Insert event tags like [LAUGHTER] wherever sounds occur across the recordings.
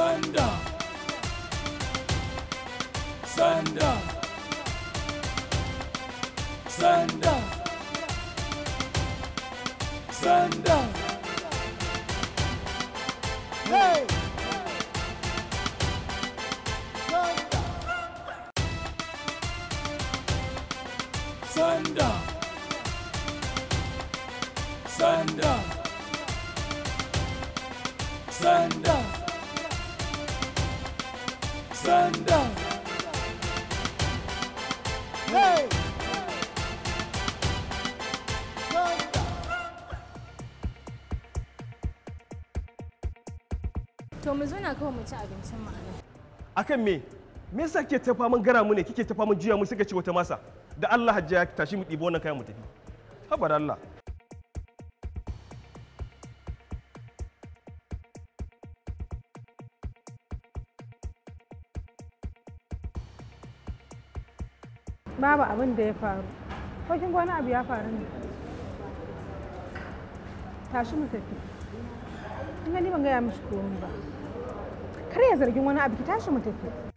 Thunder. Thunder. Thunder. Thunder. mu ci abincin mu akan me me yasa kike tafa mun gara mu ne kike tafa mun juya mu suka ci wata masa da Allah hajji ya tashi mu ɗibo wannan kayan mu tafi habar Allah babu abin da ya faru ko kin wani abu ya faru ne tashi mu tafi ina ni ban gaya mishi komai ba kare ya zargin wani abu ki tashi mu tafi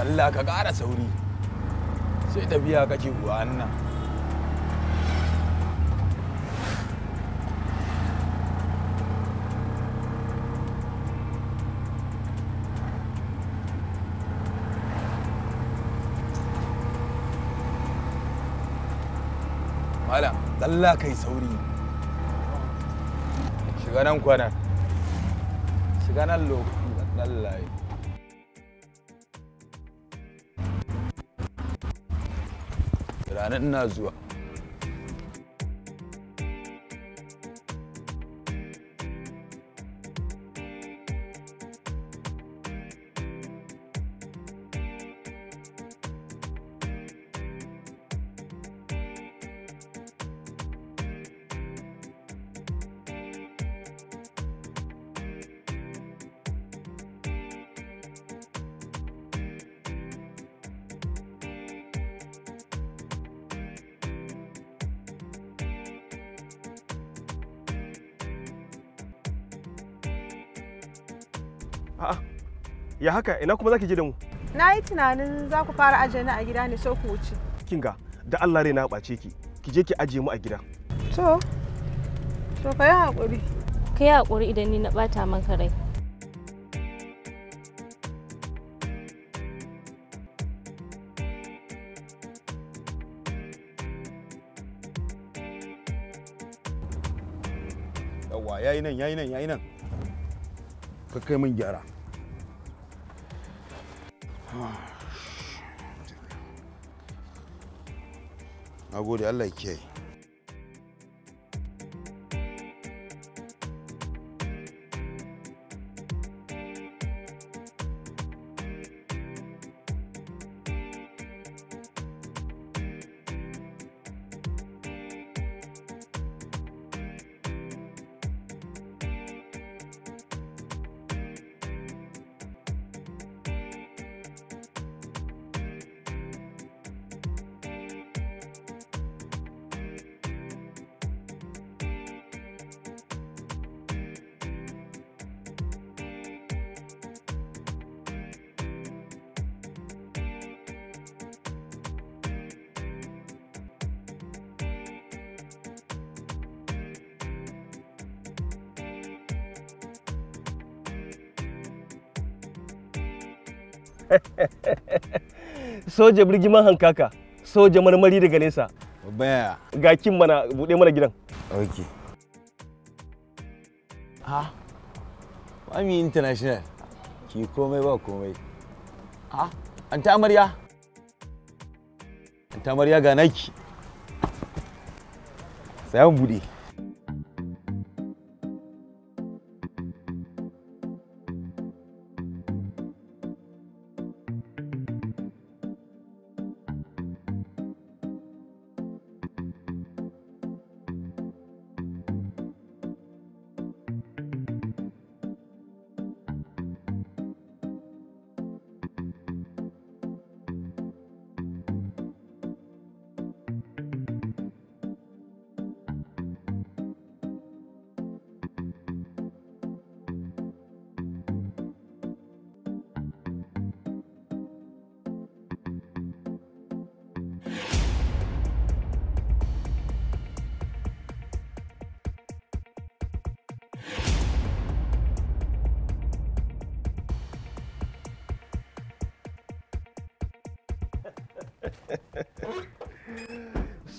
Allah ka ƙara sauri sai tafiya kake kuwa nan Mala, Allah kai sauri. Shiga nan kwanan. Shiga nan lokacin da Allah ya يعني الناس A'a. Ya haka ina kuma zaki je da mu? Na yi tunanin za ku fara aje ni a gida ne sai ku wuce. Kinga, da Allah rai na ɓace ki. Ki je ki aje mu a gida. To. To ka yi haƙuri. Ka yi haƙuri idan ni na ɓata maka rai. yayi nan yayi nan yayi nan. ka kai min gyara na gode allah kiyaye [LAUGHS] soja birgiman hankaka soja marmari daga nesa baya ga kin mana bude mana gidan ok ha ami international ki komai ba komai ha an ta amarya an ta amarya ga naki sai an bude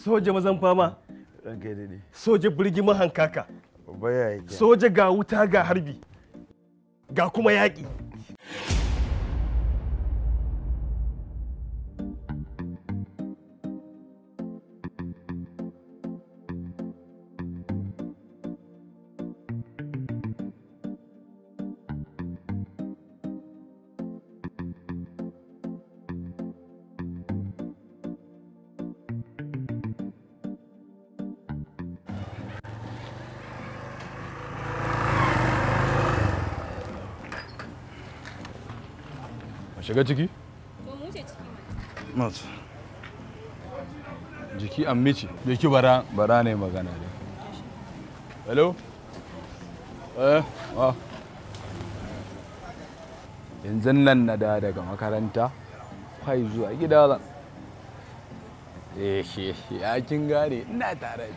soja mazan fama soja birgima hankaka soja ga wuta ga harbi ga kuma yaƙi shiga ciki? mace mu ce ciki jiki ammici jiki bara bara ne magana ne hello eh ah yanzu nan na da daga makaranta kai zuwa gida zan eh ya kin gane ina tare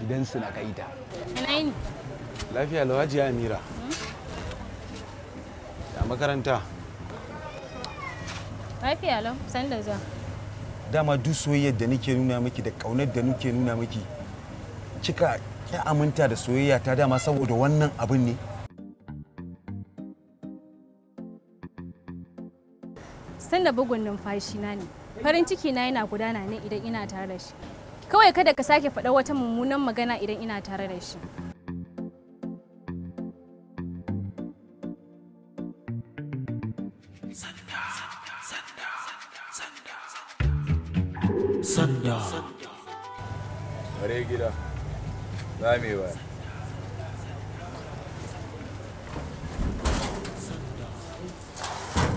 gidansu na kaita ina yini lafiya lawaji amira hmm? ya makaranta Lafiya lau, san da Dama duk soyayyar da nake nuna miki da ƙaunar da nake nuna miki kika ki aminta da soyayya ta dama saboda wannan abin ne. San da bugun numfashi na ne. Farin ciki na yana gudana ne idan ina tare da shi. Kawai kada ka sake faɗa wata mummunan magana idan ina tare da shi. regira. gida za mu yi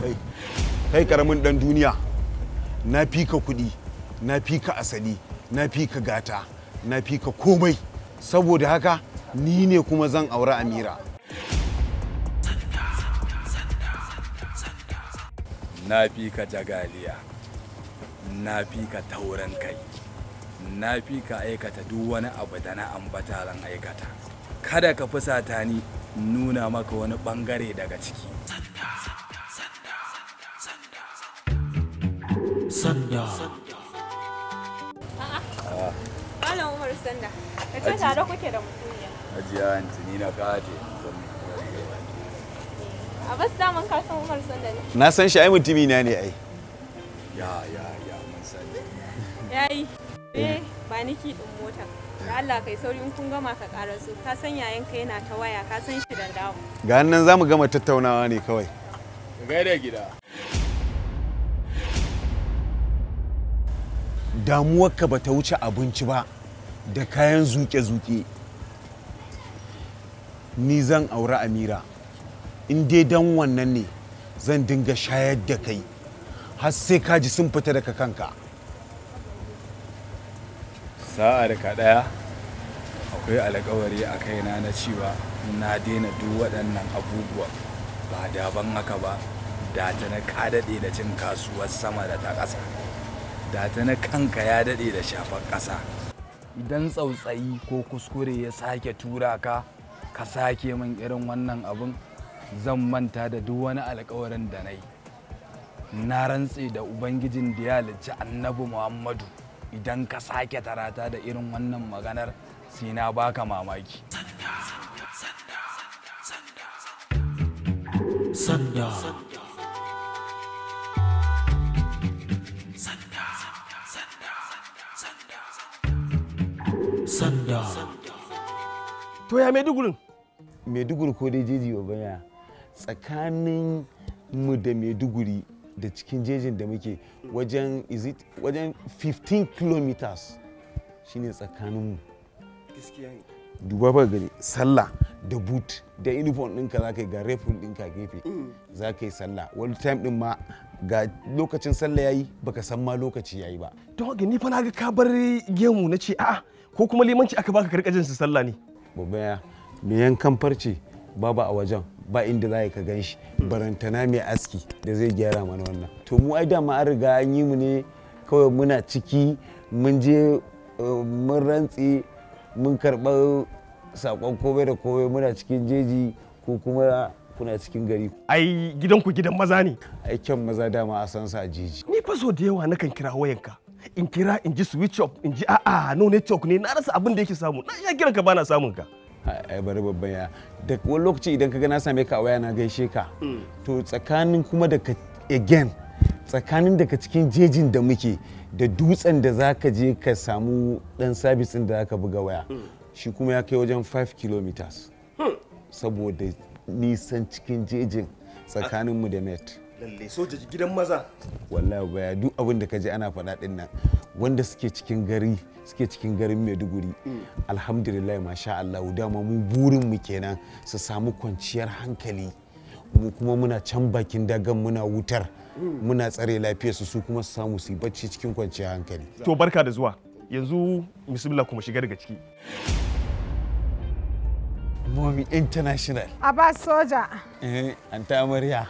baya kai karamin dan duniya na fi ka kuɗi na fi ka asali na fi ka gata na fi ka komai saboda haka ni ne kuma zan aure amira na fi ka jagaliya na fi ka taurin kai na fi ka aikata duk wani abu da na ambata zan aikata kada ka fusata ni nuna maka wani bangare daga ciki sanda Malam Umar Sanda, ka tare kuke da mutumiya. Ajiya Antini na kate eh, A bas daman ka Umar Sanda ne. Na san shi ai ne ai. ba din motar da Allah kai sauri in kun gama ka karaso ka san yayan ka yana ta waya ka san shi da dawo ga nan zamu gama tattaunawa ne kawai gaida gida damuwarka ba ta wuce abinci ba da kayan zuke-zuke ni zan auri amira in dai dan wannan ne zan dinga shayar da kai har sai ka ji sun fita daga kanka sa'a da kaɗaya akwai alkawari a kaina na cewa na daina duk waɗannan abubuwa ba daban haka ba da ta na ka daɗe da cin kasuwar sama da ta ƙasa da ta na kanka ya daɗe da shafar ƙasa idan tsautsayi ko kuskure ya sake tura ka ka sake min irin wannan abin zan manta da duk wani alkawarin da na yi na rantse da ubangijin da ya alici annabi muhammadu idan ka sake tarata da irin wannan maganar sai na baka mamaki sanda sanda to ya maidugurin maiduguri ko dai jeji wa tsakanin mu da maiduguri da cikin jejin da muke wajen is it wajen 15 kilometers shine tsakaninmu ne duba ba gani sallah da boot da uniform ɗinka za ka yi ga rifle ɗinka gefe mm. za ka yi sallah wani time ɗin ma ga lokacin sallah yayi baka san ma lokaci yayi ba Don haka ni fa na ga ka bar gemu na ce a'a ko kuma limanci aka baka karkajin su sallah ne babaya me yankan farce babu a wajen ba inda za ka gan shi barantana mai aski da zai gyara mana wannan to mu ai dama an riga an yi mu ne kawai muna ciki mun je eh, mun rantse mun karɓa sakon komai da komai muna cikin jeji ko kuma kuna cikin gari ai ku gidan maza ne ai kyan maza dama a san sa a jeji ni fa so da yawa nakan kira wayanka in kira in ji switch off in ji a'a no network ne na rasa abin da yake samu na ya kiranka bana samun ka a bari babban ya da wani lokaci idan ka ga na same ka a waya na gaishe ka hmm. to tsakanin kuma da again tsakanin daga cikin jejin da muke da dutsen da za ka je ka samu dan sabis da za ka buga waya hmm. shi kuma ya kai wajen 5 kilometers hmm. saboda nisan cikin jejin tsakaninmu da met lalle soja gidan maza wallahi baya duk abin da kaji ana faɗa din nan wanda suke cikin gari suke cikin garin maiduguri mm. alhamdulillah masha Allah dama mu burin mu kenan su samu kwanciyar hankali mu kuma muna can bakin dagan muna wutar mm. muna tsare lafiyar su kuma su samu su bacci cikin kwanciyar hankali to barka da zuwa yanzu bismillah kuma shiga daga ciki Mommy International. Abbas Soja. Eh, Anta Maria.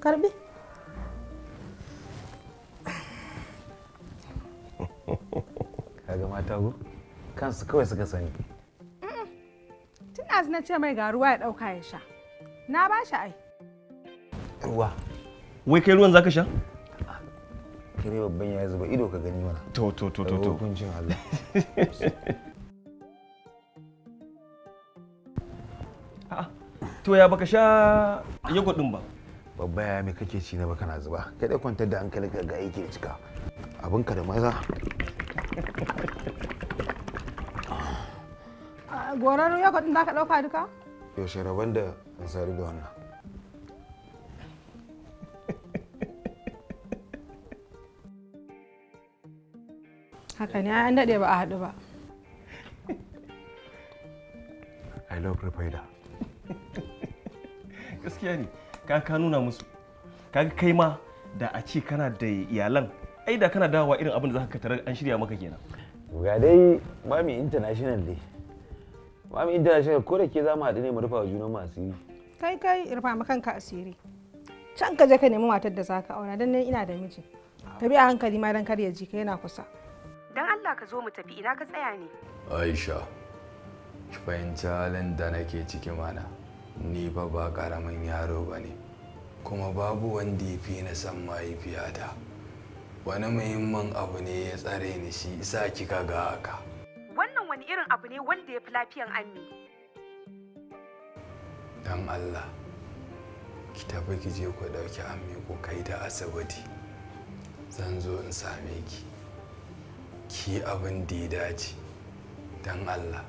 karbi kaga mata go kansu kawai suka sani tun azu na ce mai ga ruwa ya dauka ya sha na ba shi ai ruwa wai kai ruwan zaka sha kire babban ya zuba ido ka gani mana to to to to to hukuncin Allah to ya baka sha yogurt din ba babba ya mai kake ci na ba kana zuba kada kwantar da hankali ga aiki da cika ka da maza ah, goron yogurt din zaka dauka duka yaushe rabon da in sari da wannan haka ne an daɗe ba a haɗu ba i love rafaida gaskiya ne kaga ka nuna musu kaga kai ma da a ce kana da iyalan ai da kana dawowa irin abin da zaka tarar an shirya maka kenan ga dai mami international dai mami international ko da ke za mu haɗu ne mu rufa junan masu yi kai kai rufa ma kanka asiri can ka je ka nemi matar da zaka aura dan ne ina da miji ka bi a hankali ma dan kar ya ji ka yana kusa dan Allah ka zo mu tafi ina ka tsaya ne Aisha ki fahimci halin da nake ciki mana ni ba ba karamin yaro ba ne kuma babu wanda ya fi na san mahaifiyata wani muhimmin abu ne ya tsare ni shi isa kika ga haka wannan wani irin abu ne wanda ya fi lafiyan ammi don allah ki tafi ki je ku ɗauki ammi ku kai da asibiti zan zo in same ki ki abin da ya dace don allah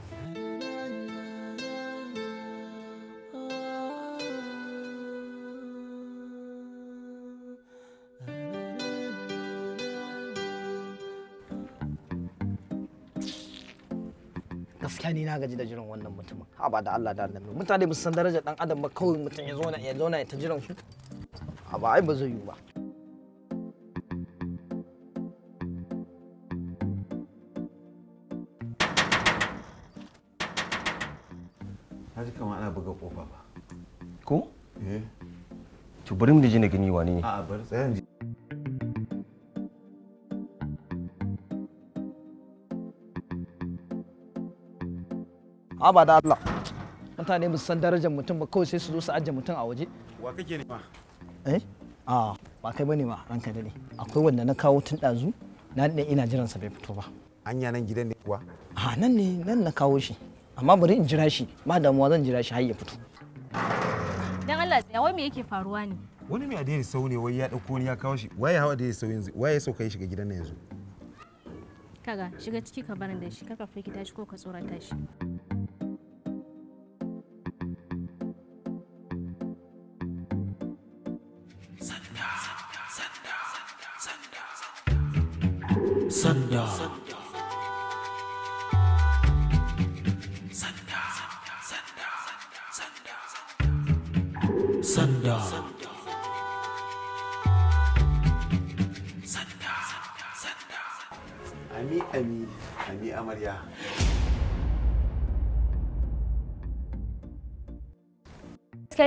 mutane na gaji da jiran wannan mutumin ha ba da Allah da annabi mutane ba san darajar dan adam ba kawai mutum ya zauna ya zauna ya ta jiran su a ba ai ba zai yi ba Ka ji kamar ana buga kofa ba. Ko? Eh. To bari mu ji na gani wane ne. A'a bari tsayan ji. Aba da Allah. Mutane ba san darajar mutum ba kawai sai su zo su ajiye mutum a waje. Wa kake nema? Eh? A ba kai bane ma ranka dade. Akwai wanda na kawo tun ɗazu na dan ina jiran sa bai fito ba. Anya nan gidan ne kuwa? A nan ne nan na kawo shi. Amma bari in jira shi ba damuwa zan jira shi har ya fito. Dan Allah sai wai me yake faruwa ne? Wani mai adai sau ne wai ya dauko ni ya kawo shi. Waye hawa adai sau yanzu? wai ya sauka ya shiga gidan nan yanzu? Kaga shiga ciki ka barin da shi kaka firgita tashi ko ka tsorata shi.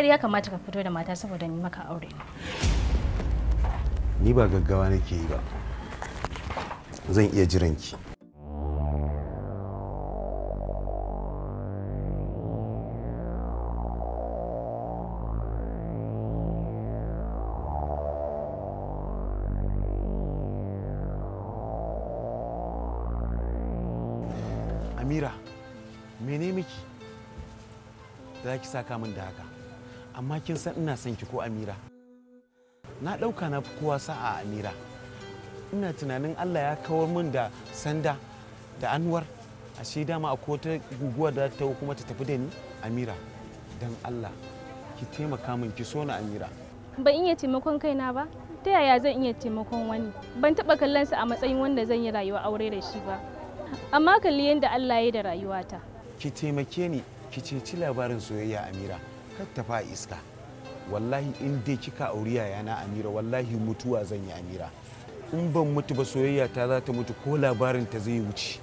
dare ya kamata ka fito da mata saboda ni maka aure ni ba gaggawa nake yi ba zan iya jiran ki Amira, mene miki? Za ki saka min da haka. amma kin san ina son ki ko amira na ɗauka na kowa sa'a amira ina tunanin allah ya kawar min da sanda da anwar shi dama a ta guguwa da ta kuma ta tafi da ni amira don allah ki taimaka min ki so na amira ban iya taimakon kaina ba ta yaya zan iya taimakon wani ban taɓa kallon sa a matsayin wanda zan yi rayuwa aure da shi ba amma kalli yadda allah ya yi da rayuwata ki taimake ni ki ceci labarin soyayya amira kar ta fa iska wallahi in dai kika auri yayana amira wallahi mutuwa zan yi amira in ban mutu ba soyayya ta za ta mutu ko labarin ta zai wuce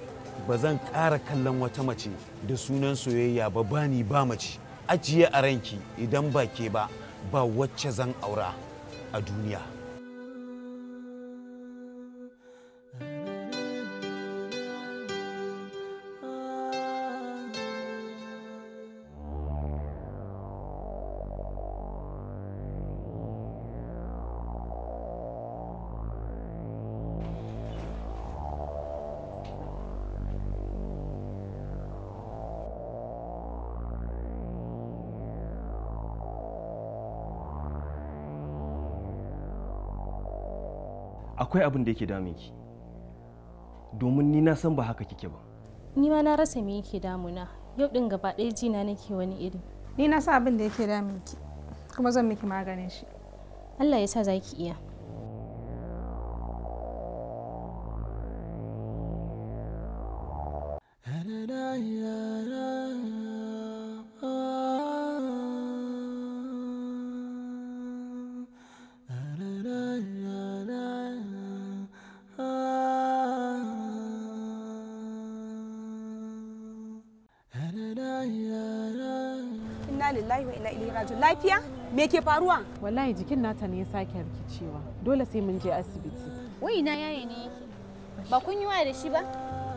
ba zan ƙara kallon wata mace da sunan soyayya ba bani ba mace ajiye a ranki idan ba ke ba ba wacce zan aura a duniya akwai abin da yake damun ki domin ni na san ba haka kike ba ni ma na rasa me yake damuna yau din gaba ɗaya jina nake wani iri ni na san abin da yake damun ki kuma zan miki maganin shi Allah ya sa za iya inna ilaihi lafiya me ke faruwa wallahi jikin nata ne ya sake rikicewa dole sai mun je asibiti wai ina yaye ne ba kun yi waye da shi ba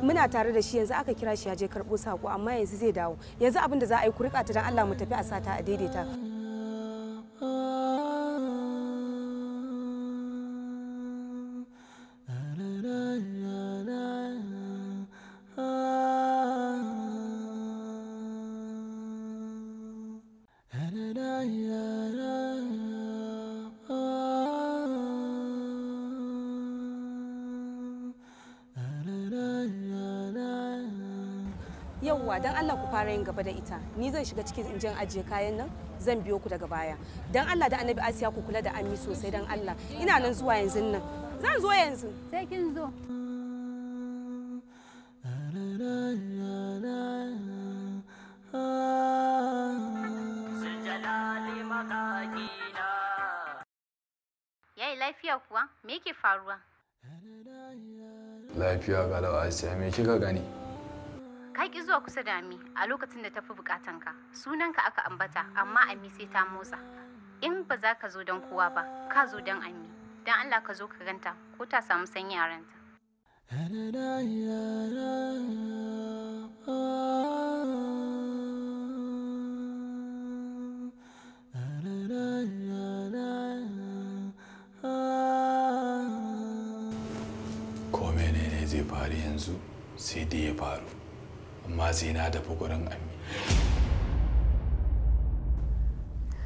muna tare da shi yanzu aka kira shi ya je karɓo sako amma yanzu zai dawo yanzu abin da za a yi ku rika ta dan Allah mu tafi a sata a daidaita don Allah ku fara yin gaba da ita ni zan shiga cikin injin ajiye kayan nan zan biyo ku daga baya don Allah da annabi asiya ku kula da ami sosai don Allah ina nan zuwa yanzu nan zan zo yanzu sai kin zo Yayi lafiya kuwa me yake faruwa? Lafiya ga asiya me kika gani? kusa da Ami a lokacin da tafi bukatan ka. Sunanka aka ambata amma Ami sai ta motsa. In ba za ka zo don kowa ba, ka zo don Ami. Don Allah ka zo ka ganta ko ta samu sanyi a ranta. ne zai faru yanzu sai dai ya faru. amma zina na tafi gurin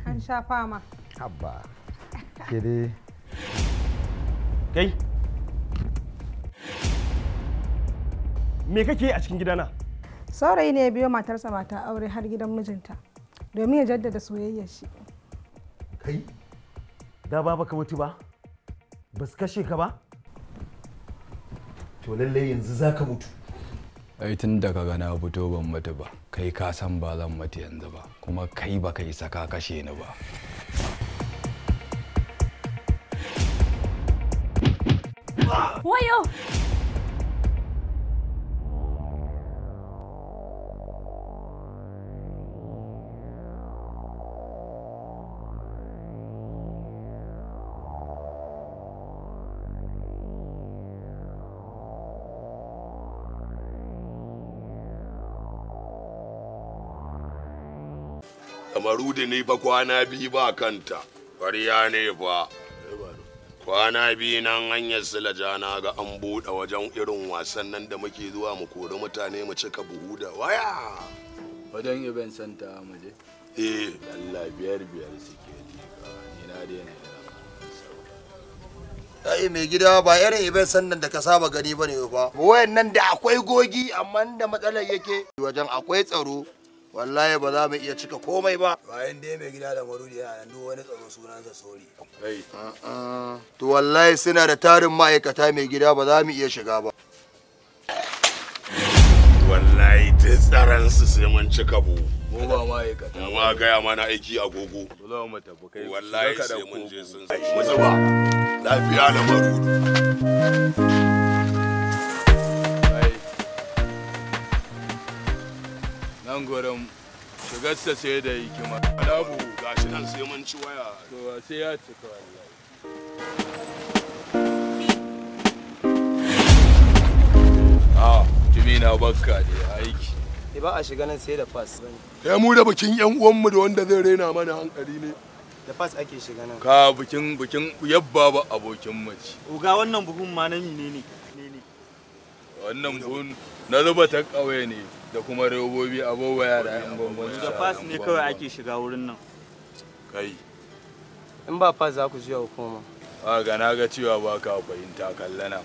an sha fama abba ke kai me kake a cikin gidana saurayi ne ya biyo matarsa mata aure har gidan mijinta domin ya jaddada soyayyar shi kai da ba baka mutu ba ba su kashe ka ba to lallai yanzu za ka mutu ai tun da ka na fito ban mutu ba kai ka san ba zan mutu yanzu ba kuma kai ba kai saka kashe ni ba wayo barudi ne fa kwana biyu ba kanta ƙarya ne fa kwana biyu nan hanyar silaja na ga an buɗe wajen irin wasan nan da muke zuwa mu kori mutane mu cika buhu da waya wajen event center mu je eh Allah biyar biyar suke jika ni na daina ai mai gida ba irin event sannan da ka saba gani bane ba wayannan da akwai gogi amma da matsalar yake wajen akwai tsaro wallahi ba za mu iya cika komai ba bayan dai mai gida da maruri a nan wani tsaro sunansa sori to wallahi suna da tarin ma'aikata mai gida ba za mu iya shiga ba wallahi ta tsaron su sai mun cika bu mu ba ma'aikata ga gaya mana aiki agogo wallahi sai mun je sun sai mu zuba lafiya da maruri an goron shigarsa sai da hikima. nan sai mun ci waya. To sai ya cika wallahi. Ah, bakka ne aiki. Eh, ba a shiga nan sai da eh, mu da bikin yan uwanmu da wanda zai raina mana hankali ne. Da ake shiga nan. Ka bikin bikin yabba ba abokin mace. Uga wannan buhun ma na ne ne. Wannan buhun na zuba ta ƙauye ne. da kuma robobi abubuwa yara yan gwangwani da pass ne kawai ake shiga wurin nan kai in ba pass za ku zuwa hukuma a ga na ga cewa ba ka fahimta nan.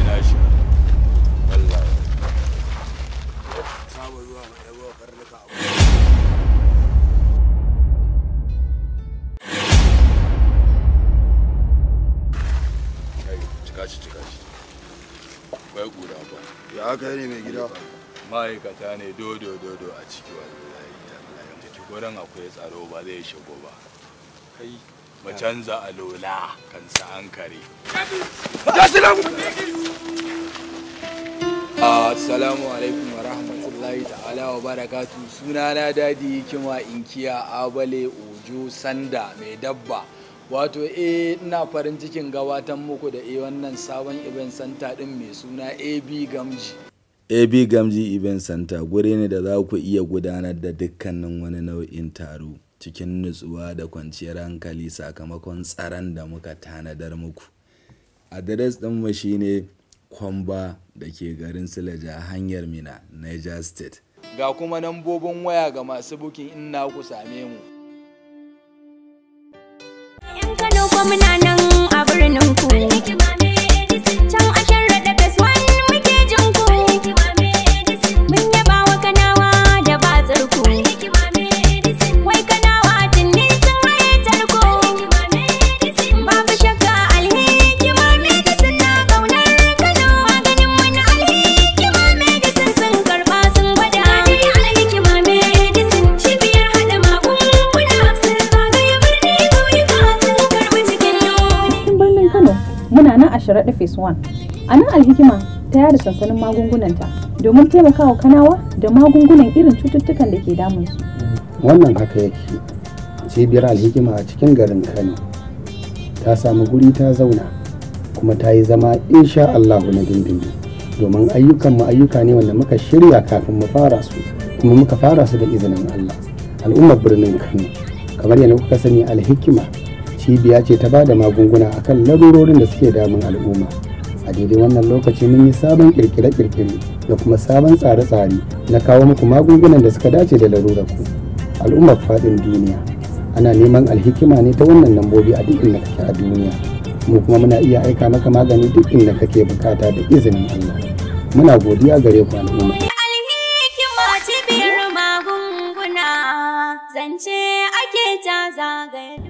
ina shi wallahi saba zuwa mai yabo karnuka abu cika shi cika shi bai kura ba ya kai ne mai gida ma'aikata ne dodo dodo a ciki wallahi ciki gurin akwai tsaro ba zai shigo ba kai mu canza alola kan sa an kare Assalamu alaikum wa rahmatullahi ta'ala wa barakatu suna na dadi kima inkiya abale ojo sanda mai dabba wato e ina farin cikin gabatar muku da e wannan sabon event center din mai suna ab gamji ab gamji event center guri ne da za ku iya gudanar da dukkanin wani nau'in taro cikin nutsuwa da kwanciyar hankali sakamakon tsaron da muka tanadar muku adres mu shine kwamba da ke garin silaja hanyar mina niger state ga kuma nambobin waya ga masu bukin ina ku same mu muna nan a birnin ku Aswan. A nan alhikima ta yada sansanin magungunanta domin taimakawa kanawa da magungunan irin cututtukan da ke su Wannan haka yake cibiyar alhikima a cikin garin Kano ta samu guri ta zauna kuma ta yi zama sha Allahu na dindindi domin ayyukan mu ayyuka ne wanda muka shirya kafin mu fara su kuma muka fara su da izinin Allah al'ummar birnin Kano kamar yadda kuka sani alhikima cibiya ce ta ba da magunguna akan larurorin da suke damun al'umma a daidai wannan lokaci mun yi sabon kirkire-kirkire da kuma sabon tsare-tsare na kawo muku magungunan da suka dace da larurar ku al'ummar faɗin duniya ana neman alhikima ne ta wannan lambobi a duk inda kake a duniya mu kuma muna iya aika maka magani duk inda kake bukata da izinin Allah muna godiya gare ku al'umma zance ake ta zagaye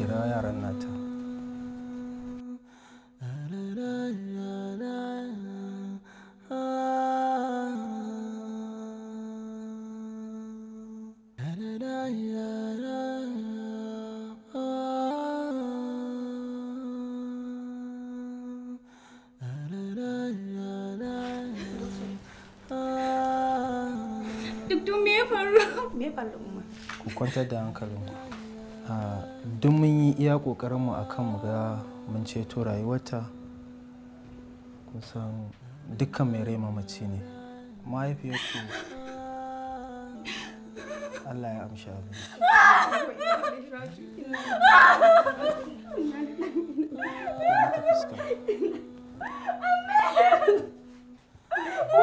kira yaran nata Duk me ya faru? Me ya faru? Ku kwantar da hankalinku. yi iya ƙoƙarinmu a kan ga mun ceto rayuwarta kusan dukkan mai rai mamaci ne mahaifiyarku allah ya amshi abin Oh,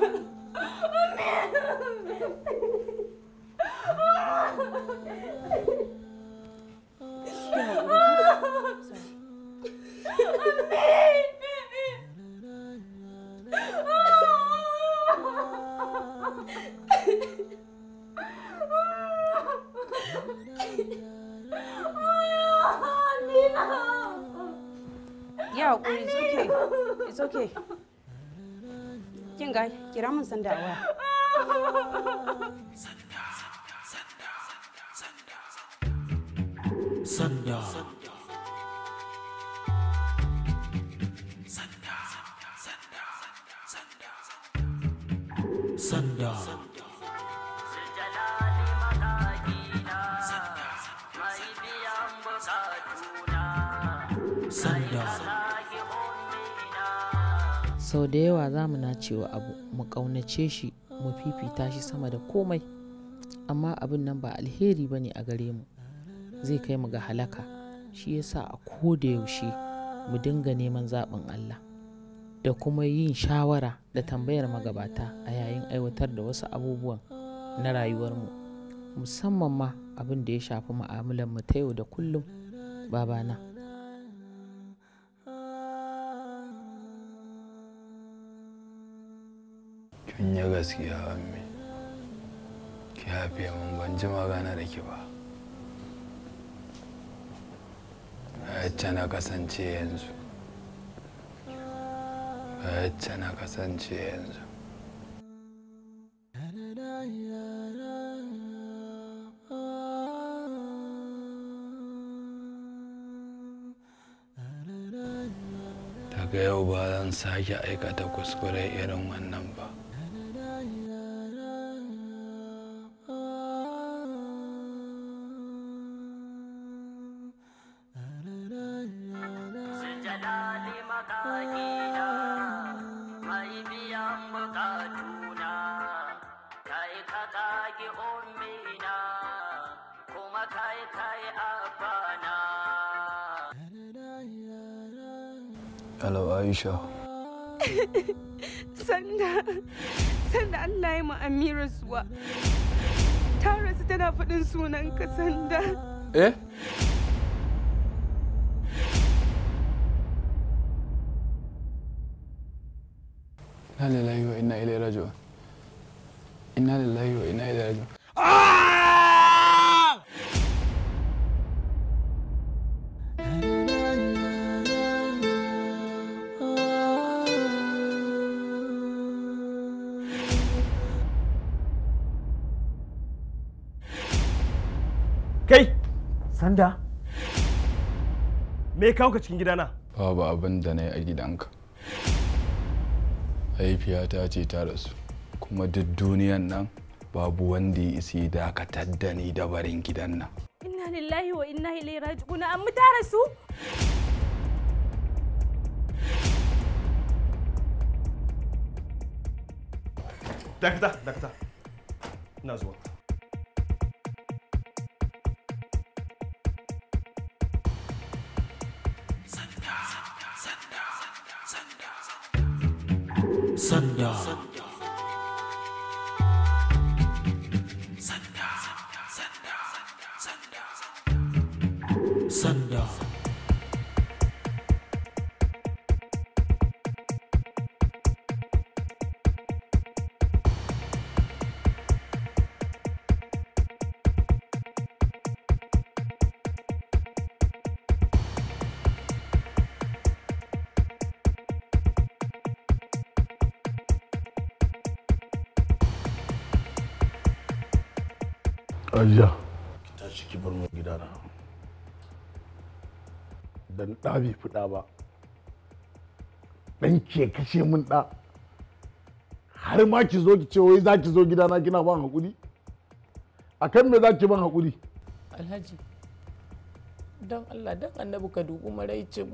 man. pesan dakwah. ƙaunace shi mu fifita shi sama da komai amma abin nan ba alheri ba ne a gare mu zai kai mu ga halaka shi yasa a koda yaushe mu dinga neman zaɓin Allah da kuma yin shawara da tambayar magabata a yayin aiwatar da wasu abubuwan na rayuwarmu musamman ma abin da ya shafi mu ta yau da kullum babana. kin yi gaskiya ammi ki hafe mun ban ji magana da ki ba na kasance yanzu na kasance yanzu daga yau ba zan sake aikata kuskure irin wannan ba Sanda? Me kawo ka cikin gidana? Babu abin da na yi a gidanka. ta ce ta rasu, kuma duk duniyan nan babu wanda ya isi dakatar da ni da barin gidan nan. Inna lillahi wa inna ilaihi raji'un an mu ta rasu? Dakata, dakata. Ina zuwa. Sanda. Sanda. Sanda. Sanda. Sanda. Ajiya. Ki tashi ki bar mu gidana. Dan ɗa bai fi ba. dan ke kashe mun ɗa. Har ma ki zo ki ce wai za ki zo gidana kina ban haƙuri? A kan me za ki ban haƙuri? Alhaji, don Allah don annabi ka dubi maraicin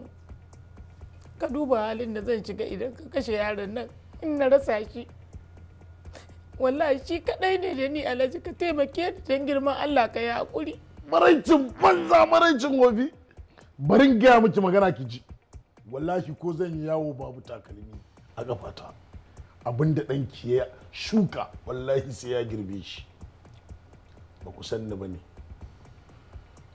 Ka duba halin da zan shiga idan ka kashe yaron nan in na rasa shi. wallahi shi kadai ne da ni alhaji ka taimake ni don girman Allah ka yi hakuri maraicin banza maraicin wabi barin gaya miki magana ki ji wallahi ko zan yi yawo babu takalmi a abin abinda ɗanki ya shuka wallahi sai ya girbe shi ba ku san ni ba ne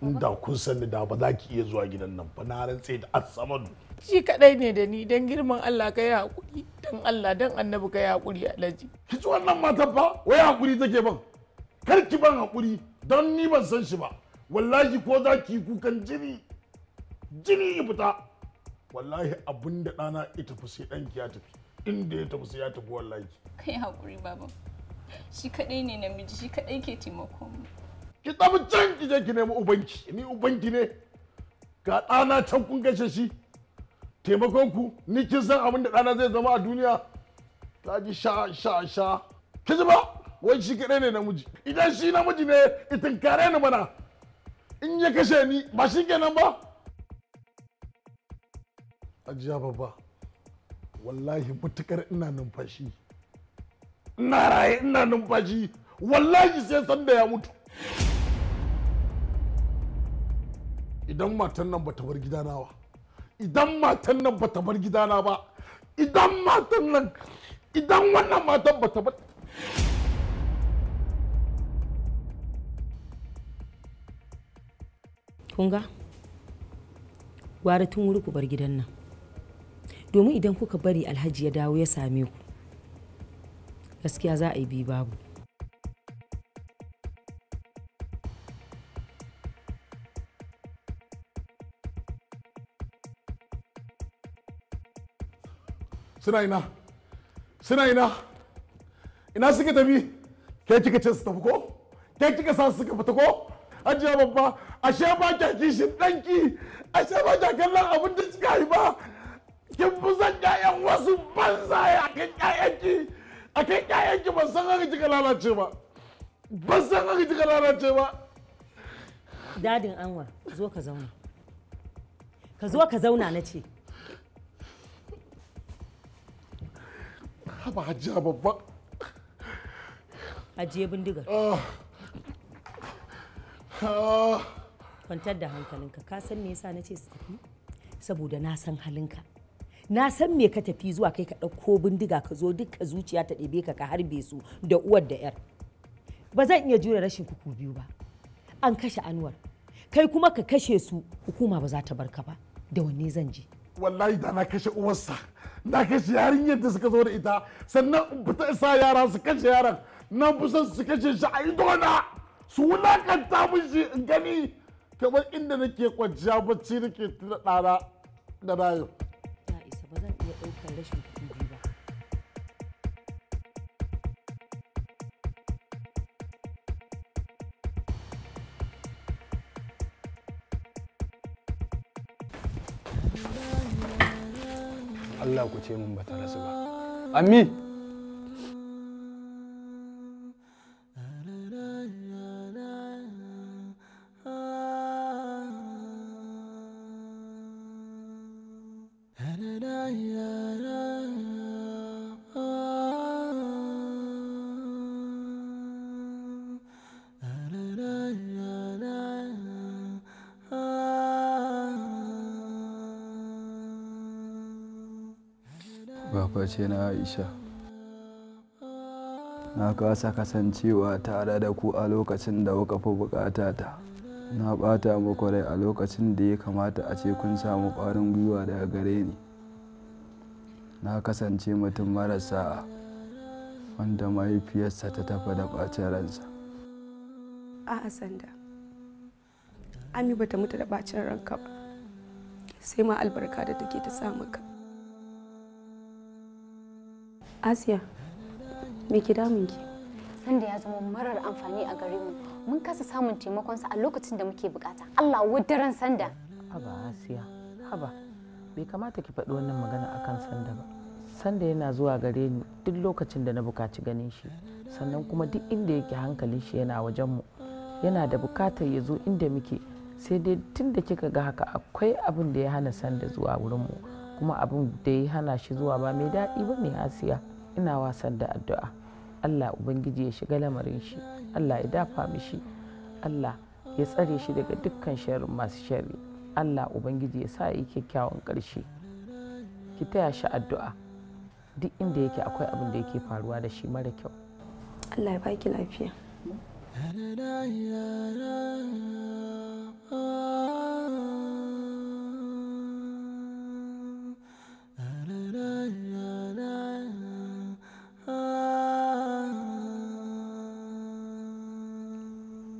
inda kun san ni da ba za ki iya zuwa gidan nan ba na rantse da asamadu shi kadai ne da ni don girman Allah ka yi hakuri don Allah don annabi ka yi hakuri alhaji ki ci wannan matar fa wai hakuri take ban kar ki ban hakuri don ni ban san shi ba wallahi ko za ki kukan jini jini ya fita wallahi abin da ɗana ita fi sai ki ya tafi inda ya tafi sai ya tafi wallahi kai hakuri baba shi kadai ne namiji shi kadai ke taimako mu ki tsabi can ki je ki nemi ubanki ni ubanki ne ga ɗana can kun gashe shi taimakon ku ni kin san abin da ɗana zai zama a duniya ta ji sha sha sha ki ji ba wai shi kaɗai ne namiji idan shi namiji ne itin kare ni mana in ya kashe ni ba shi kenan ba ajiya babba wallahi mutukar ina numfashi ina raye ina numfashi wallahi sai sanda ya mutu idan matan nan bata bar gidana ba idan matan nan bata bar gidana ba idan matan nan idan wannan matan bata bar kunga gwara tun wuri ku bar gidan nan domin idan kuka bari alhaji ya dawo ya same ku gaskiya za a yi bi babu suna ina suna ina ina suke tafi ke kika ce su tafi ko ke kika sa suka fita ko ajiya babba ashe ba kya kishin danki ashe ba kya kallon abin da kika haifa kin fi son ƴaƴan wasu banzaye a kan ƴaƴanki a kan ƴaƴanki ban san haka kika lalace ba ban san haka kika lalace ba dadin anwar zo ka zauna ka zo ka zauna na ce haba hajiya babba ajiye bindigar ah. Ah. kwantar da hankalinka ka san me yasa na ce su tafi saboda na san halinka na san me ka tafi zuwa kai ka ɗauko bindiga ka zo dukka zuciya ta ɗebe ka ka harbe su da uwar da yar ba zan iya jure rashin kuku biyu ba an kashe anwar kai kuma ka kashe su hukuma ba za ta barka ba da wanne zan je wallahi da na kashe uwarsa na kashe yarinyar da suka zo da ita sannan in fita sa yara su kashe yaran nan fi su kashe shi a su wulakanta min shi in gani kamar inda nake kwanciya bacci nake tuna ɗana da rayu. Ya isa ba zan iya ɗaukar rashin kuce min ba ta rasu ba Ami! ce na Aisha. Na kasa kasancewa tare da ku a lokacin da kuka fi bukata ta. Na bata muku rai a lokacin da ya kamata a ce kun samu ƙwarin gwiwa daga gare ni. Na kasance mutum marasa wanda mahaifiyarsa ta tafi da ɓacin ransa. A'a sanda. Ami bata mutu da ɓacin ranka ba. Sai ma albarka da take ta samu ka. Asiya, me ke damun ki? Sanda ya zama marar amfani a gare mu. Mun kasa samun taimakon sa a lokacin da muke bukata. Allah wadaran sanda. Haba Asiya, haba. Bai kamata ki faɗi wannan magana akan sanda ba. Sanda yana zuwa gare ni duk lokacin da na bukaci ganin shi. Sannan kuma duk inda yake hankalin shi yana wajen mu. Yana da bukatar ya zo inda muke. Sai dai tun da kika ga haka akwai abin da ya hana sanda zuwa wurin mu. kuma abin da ya hana shi zuwa ba mai daɗi ba ne asiya ina wasan da addu'a allah ubangiji ya shiga lamarin shi allah ya dafa mishi allah ya tsare shi daga dukkan sharrin masu sharri allah ubangiji ya sa yi kyakkyawan ƙarshe ki taya shi addu'a duk inda yake akwai abin da yake faruwa da shi mara kyau allah ya baki lafiya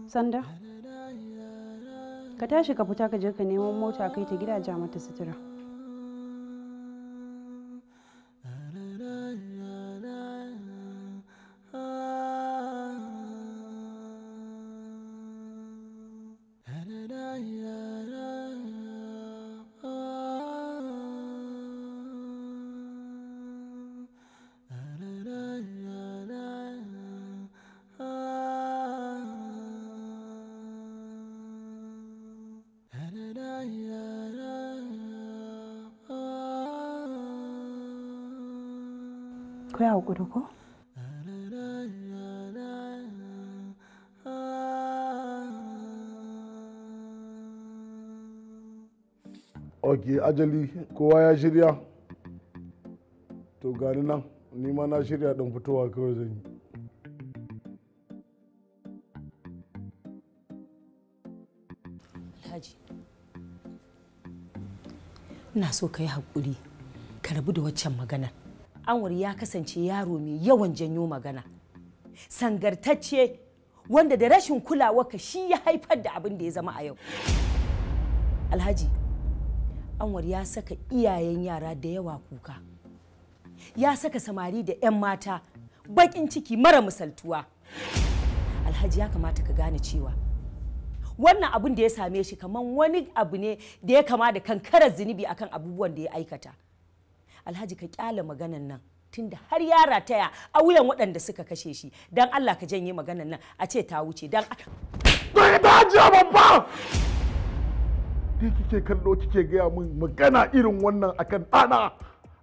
Sanda. Ka tashi ka fita ka je ka neman mota kai ta gida ja mata sutura. ku yi ko? ok ajali kowa ya shirya to gani nan nima na shirya ɗin fitowa kawai zan yi ina so ka yi haƙuri ka rabu da waccan maganar anwar ya kasance yaro mai yawan janyo magana sangartacce wanda da rashin kulawarka shi ya haifar da abin da ya zama a yau alhaji anwar ya saka iyayen yara da yawa kuka ya saka samari da 'yan mata bakin ciki mara misaltuwa alhaji ya kamata ka gane cewa wannan abin da ya same shi kamar wani abu ne da ya kama da kankarar zunubi akan abubuwan da ya aikata alhaji ka kyale maganan nan tunda har yara taya a wuyan waɗanda suka kashe shi dan Allah ka janye maganan nan a ce ta wuce dan Bari ta babba! Ni kike kallo kike gaya min magana irin wannan akan ɗana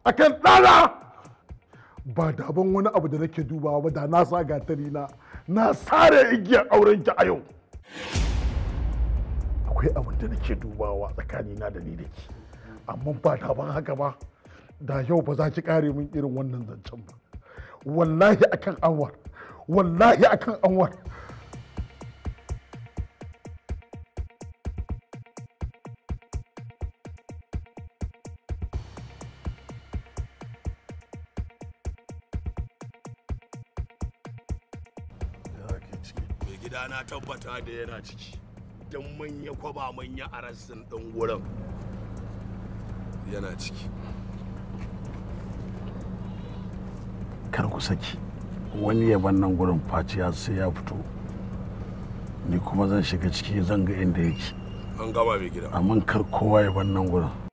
akan ɗana ba daban wani abu da nake dubawa ba da na sa gatari na na sare igiyar aurenki a yau. akwai abin da nake dubawa tsakani na da ni da ki amma ba ban haka ba da yau ba za ki kare min irin wannan zancen ba wallahi akan anwar wallahi akan anwar gida na tabbata da yana ciki don manya kwaba manya a rassin ɗan wurin yana ciki kar ku saki wani ya yaban nan gurin ya sai ya fito ni kuma zan shiga ciki zan ga inda yake an gaba mai gida amma kar kowa ya nan gurin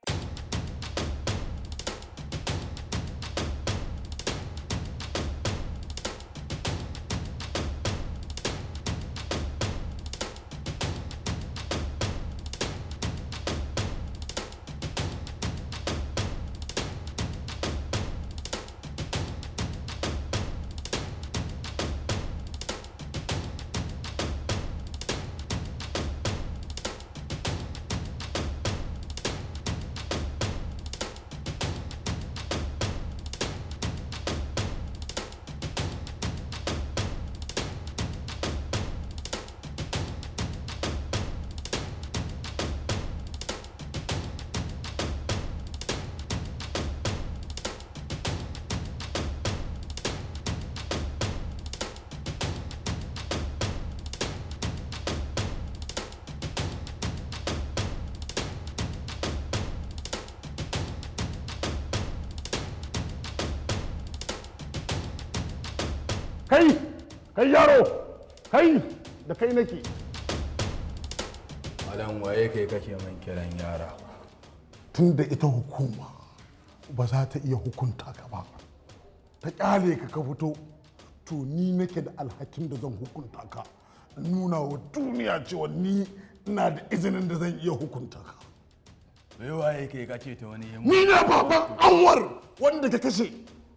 kai kai yaro kai da kai nake malam waye kai kake man kiran yara tun da ita hukuma ba za ta iya hukunta ka ba ta kyale ka ka fito to ni nake da alhakin da zan hukunta ka nuna wa duniya cewa ni ina da izinin da zan iya hukunta ka bai waye kai kace ta wani yamma ni na baban anwar wanda ka kashe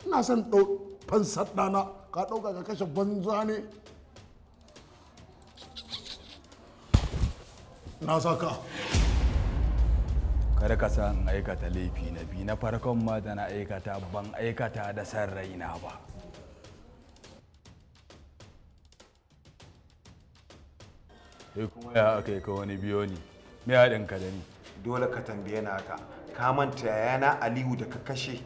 ina son dau fansar ɗana ka ɗauka ka kashe banza ne na saka kada ka san aikata laifi na bi na farkon ma da na aikata ban aikata da san raina ba sai kuma ya aka yi ka wani biyo ni me haɗin ka da ni dole ka tambaye na haka ka manta yana aliyu da ka kashe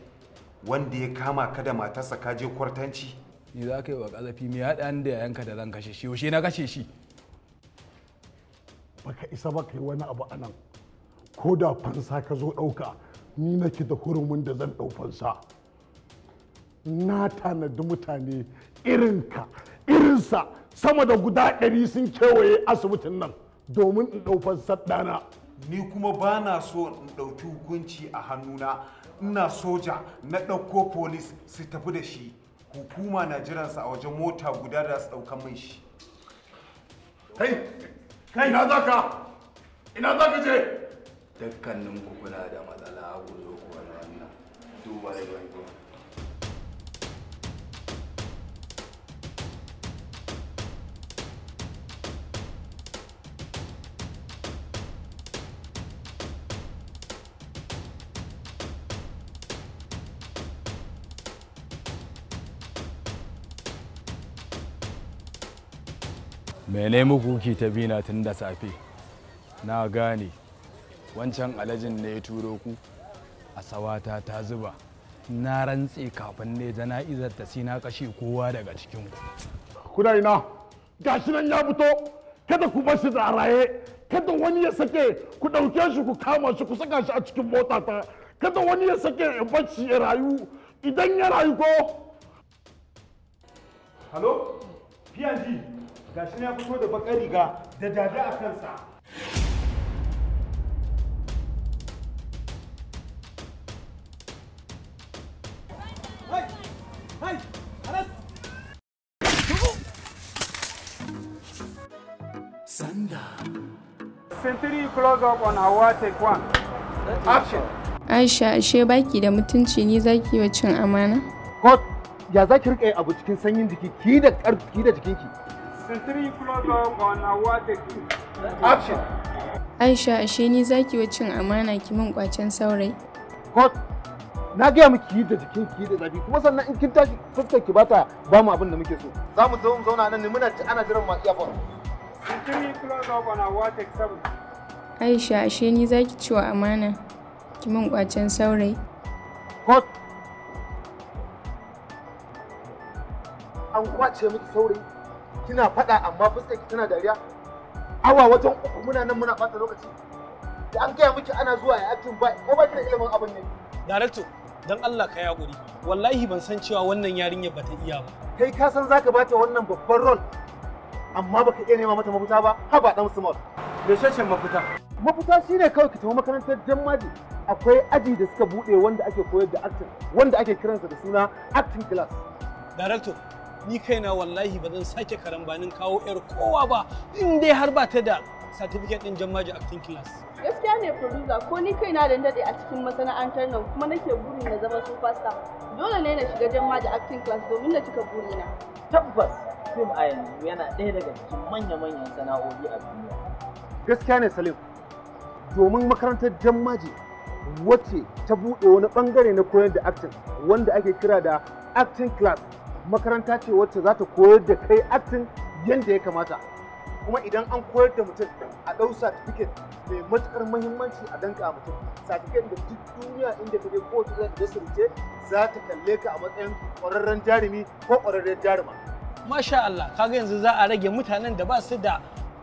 wanda ya kama ka da matarsa ka je kwartanci ni za ka yi wa kazafi mai haɗa da yayanka da zan kashe shi yaushe na kashe shi baka isa ba kai wani abu anan ko da fansa ka zo ɗauka ni nake da hurumin da zan ɗau fansa na tanadi mutane irin irinka irinsa sama da guda ɗari sun kewaye asibitin nan domin in ɗau fansa ɗana ni kuma ba na so in ɗauki hukunci a hannuna ina soja na ɗauko polis su tafi da shi hukuma na jiransa a wajen mota guda da su ɗaukan mai shi kai kai ina za ka ina za ka je dukkanin kuna da matsala a gudu kuwa na wannan duba da gwaigwa mene muku ki ta bina tun da safe na gane wancan alajin ne ya turo ku a sawata ta zuba na rantse kafin ne jana'izar ta sina kashe kowa daga cikin ku kuna ina gashi nan ya fito kada ku bar shi da raye kada wani ya sake ku ɗauke shi ku kama shi ku saka shi a cikin mota ta kada wani ya sake in bar shi ya rayu idan ya rayu ko halo gashi ya fito da bakar riga da dada a kansa Aisha, ashe baki da mutunci ni zaki yi wa cin amana? God, ya zaki rika abu cikin sanyin jiki ki da ƙarfi ki da jikinki. Action. Aisha, ashe ni zaki wa cin amana ki min kwacen saurayi. Kot, na gaya miki yi da jikin ki da zafi kuma sannan in kin tashi fuskar ki bata ba mu abin da muke so. Za mu zo mu zauna nan ne muna ana jiran ma iya fara. Sintirin close up on awarded seven. Aisha, ashe ni zaki ci wa amana ki min kwacen saurayi. Kot, an kwace miki saurayi. kina faɗa amma fuskar ki tana dariya awa wajen uku muna nan muna ɓata lokaci da an gaya miki ana zuwa ya acting ba ko ba da ilimin abin ne director dan Allah ka ya guri wallahi ban san cewa wannan yarinyar bata iya ba kai ka san zaka bata wannan babban role amma baka iya nema mata mafita ba ba dan small me shashin mafita mafita shine kawai ka tafi makarantar jammaji akwai aji da suka bude wanda ake koyar da acting wanda ake kiransa da suna acting class director ni kaina wallahi ba zan sake karambanin kawo yar kowa ba in dai har ba ta da certificate din jammaji acting class gaskiya ne producer ko ni kaina da dade a cikin masana'antar nan kuma nake burin na zama superstar dole ne na shiga jammaji acting class domin na cika burina tabbas fim a yanzu yana ɗaya daga cikin manya-manyan sana'o'i a duniya gaskiya ne salim domin makarantar jammaji wacce ta buɗe wani ɓangare na koyar da acting wanda ake kira da acting class makaranta ce wacce za ta koyar da kai aktin yadda ya kamata kuma idan an koyar da mutum a ɗau certificate mai matukar muhimmanci a danka mutum certificate da duk duniya inda ka je kowace zai da za ta kalle ka a matsayin ƙwararren jarumi ko ƙwararren jaruma. Masha Allah, kaga yanzu za a rage mutanen da ba su da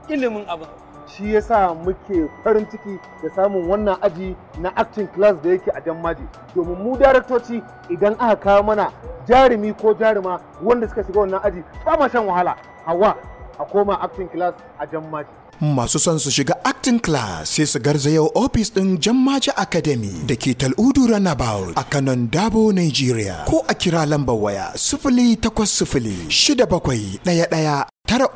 ilimin abu. shi ya sa muke farin ciki da samun wannan aji na acting class da yake a maji, domin mu daraktoci idan aka kawo mana jarumi ko jaruma wanda suka shiga wannan aji ba ma shan wahala hawa a koma acting class a maji. masu son su shiga acting class sai su yau ofis ɗin Jammaji Academy da ke Tal'udu Runabout a kanon Dabo, Nigeria. Ko a kira lambar waya sifili takwas sifili shida bakwai ɗaya ɗaya tara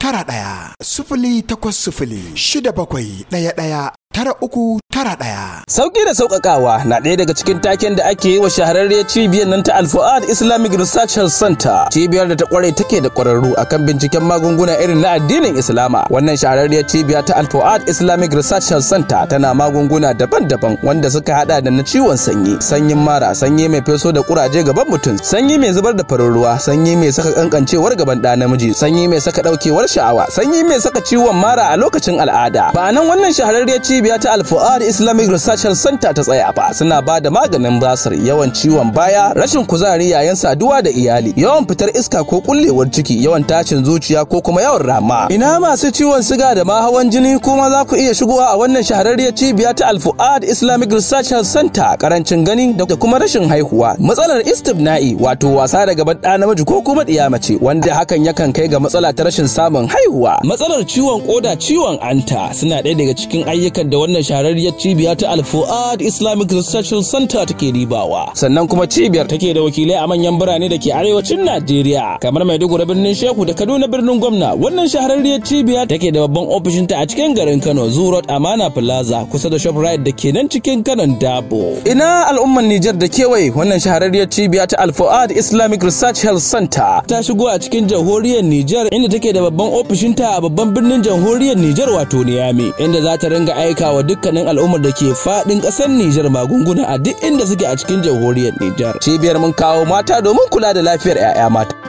tara ɗaya sifili takwas shida bakwai ɗaya ɗaya tara uku tara ɗaya. Sauƙi da sauƙaƙawa na ɗaya daga cikin taken da ake yi wa shahararriyar cibiyar nan ta alfaad Islamic Research Center. Cibiyar da ta ƙware take da ƙwararru akan binciken magunguna irin na addinin Islama. Wannan shahararriyar cibiyar ta Alfuad Islamic Research Center tana magunguna daban-daban wanda suka haɗa da na ciwon sanyi, sanyin mara, sanyi mai feso da ƙuraje gaban mutum, sanyi mai zubar da farin ruwa, sanyi mai saka ƙanƙancewar gaban ɗa namiji, sanyi mai saka ɗaukewar sha'awa, sanyi mai saka ciwon mara a lokacin al'ada. Ba wannan shahararriyar cibiyar cibiya ta alfu'ad islamic research center ta tsaya ba suna ba da maganin basir yawan ciwon baya rashin kuzari yayin saduwa da iyali yawan fitar iska ko kullewar ciki yawan tashin zuciya ko kuma yawan rama ina masu ciwon siga da ma hawan jini kuma za ku iya shigowa a wannan shahararriyar cibiya ta alfu'ad islamic research center karancin gani da kuma rashin haihuwa matsalar istibna'i wato wasa da gaban ɗa namiji ko kuma ɗiya mace wanda hakan yakan kai ga matsala ta rashin samun haihuwa matsalar ciwon koda ciwon anta suna ɗaya daga cikin ayyukan da wannan shahararriyar cibiya ta Al-Fuad Islamic Research Center take ribawa. Sannan kuma cibiyar take da wakilai a manyan birane da ke arewacin Najeriya kamar Maiduguri birnin Shehu da Kaduna birnin Gwamna. Wannan shahararriyar cibiya take da babban ofishin ta a cikin garin Kano Zoo Amana Plaza kusa da ShopRite da ke nan cikin Kanon Dabo. Ina al'ummar Nijar da kewaye wannan shahararriyar cibiya ta Al-Fuad Islamic Research Health Center ta shigo a cikin jamhuriyar Nijar inda take da babban ofishin ta a babban birnin jamhuriyar Nijar wato Niamey inda za ta ringa aika aika wa dukkanin al'ummar da ke fadin ƙasar Nijar magunguna a duk inda suke a cikin jamhuriyar Nijar. Cibiyar mun kawo mata domin kula da lafiyar 'ya'ya mata.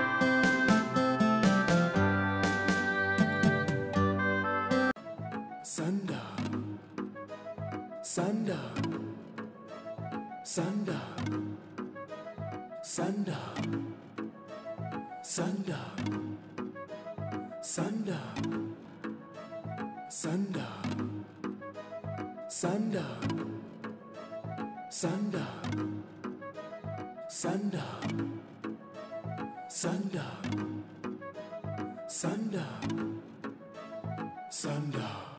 Sanda Sanda Sanda Sanda Sanda